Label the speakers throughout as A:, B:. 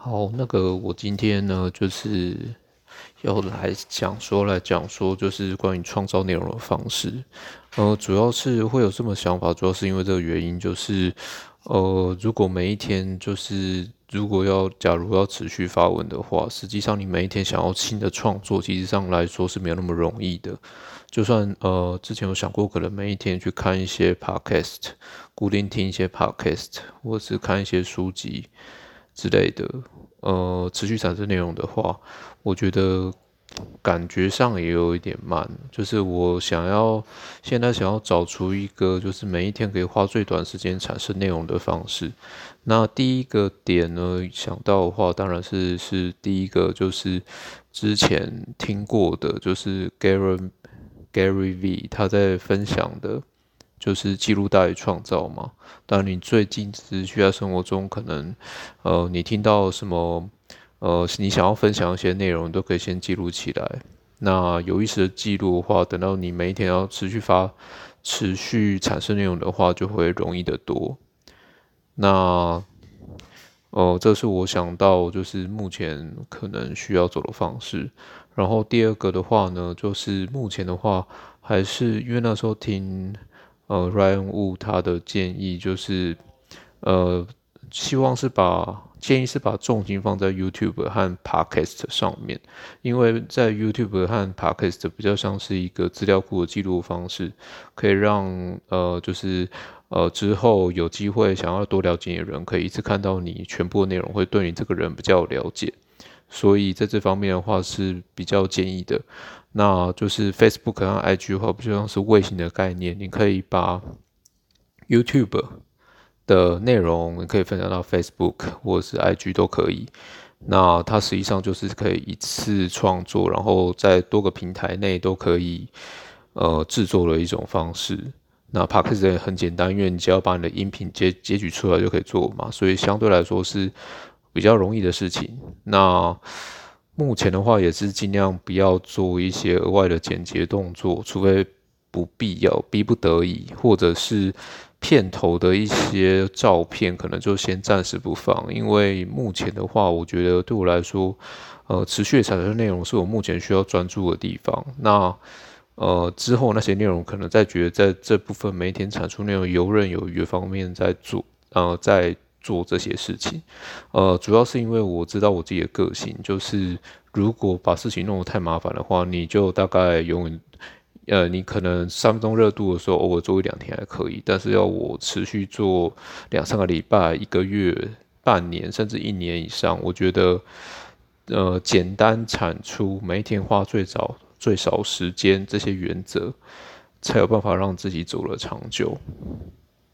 A: 好，那個我今天呢就是要來講說，來講說，就是關於創造內容的方式。呃，主要是會有這麼想法，主要是因為這個原因，就是呃，如果每一天就是如果要假如要持續發文的話，實際上你每一天想要新的創作，其實上來說是沒有那麼容易的。就算呃之前有想過，可能每一天去看一些 podcast，固定聽一些 podcast，或者是看一些書籍。之類的，呃，持續產生內容的話，我覺得感覺上也有一點慢。就是我想要現在想要找出一個，就是每一天可以花最短時間產生內容的方式。那第一個點呢，想到的話，當然是是第一個，就是之前聽過的，就是 Gary Gary V 他在分享的。就是記錄大於創造嘛。當然，你最近只需要生活中，可能呃，你聽到什麼呃，你想要分享一些內容，都可以先記錄起來。那有意識的記錄的話，等到你每一天要持續發、持續產生內容的話，就會容易得多。那呃，這是我想到就是目前可能需要走的方式。然後第二個的話呢，就是目前的話還是因為那時候聽。呃，Ryan Wu 他的建議就是，呃，希望是把建議是把重心放在 YouTube 和 Podcast 上面，因為在 YouTube 和 Podcast 比較像是一個資料庫的記錄方式，可以讓呃就是呃之後有機會想要多了解的人，可以一次看到你全部內容，會對你這個人比較了解。所以在這方面的話是比較建議的，那就是 Facebook 和 IG 的話，不就像是微信的概念？你可以把 YouTube 的內容，你可以分享到 Facebook 或者是 IG 都可以。那它實際上就是可以一次創作，然後在多個平台內都可以呃製作的一種方式。那 Packaging 很簡單，因為你只要把你的音頻截取出來就可以做嘛，所以相對來說是。比較容易的事情。那目前的話，也是儘量不要做一些額外的剪接動作，除非不必要、逼不得已，或者是片頭的一些照片，可能就先暫時不放。因為目前的話，我覺得對我來說，呃，持續的產生內容是我目前需要專注的地方。那呃，之後那些內容，可能再覺得在這部分每天產出內容游刃有餘方面再做，然、呃、後在。做這些事情，呃，主要是因為我知道我自己的個性，就是如果把事情弄得太麻煩的話，你就大概永遠，呃，你可能三分鐘熱度的時候，偶爾做一兩天還可以，但是要我持續做兩三個禮拜、一個月、半年甚至一年以上，我覺得，呃，簡單產出，每一天花最少最少時間，這些原則，才有辦法讓自己走得長久。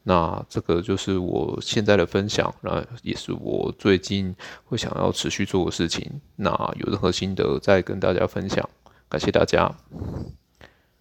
A: 那這個就是我現在的分享，那也是我最近會想要持續做的事情。那有任何心得再跟大家分享，感謝大家。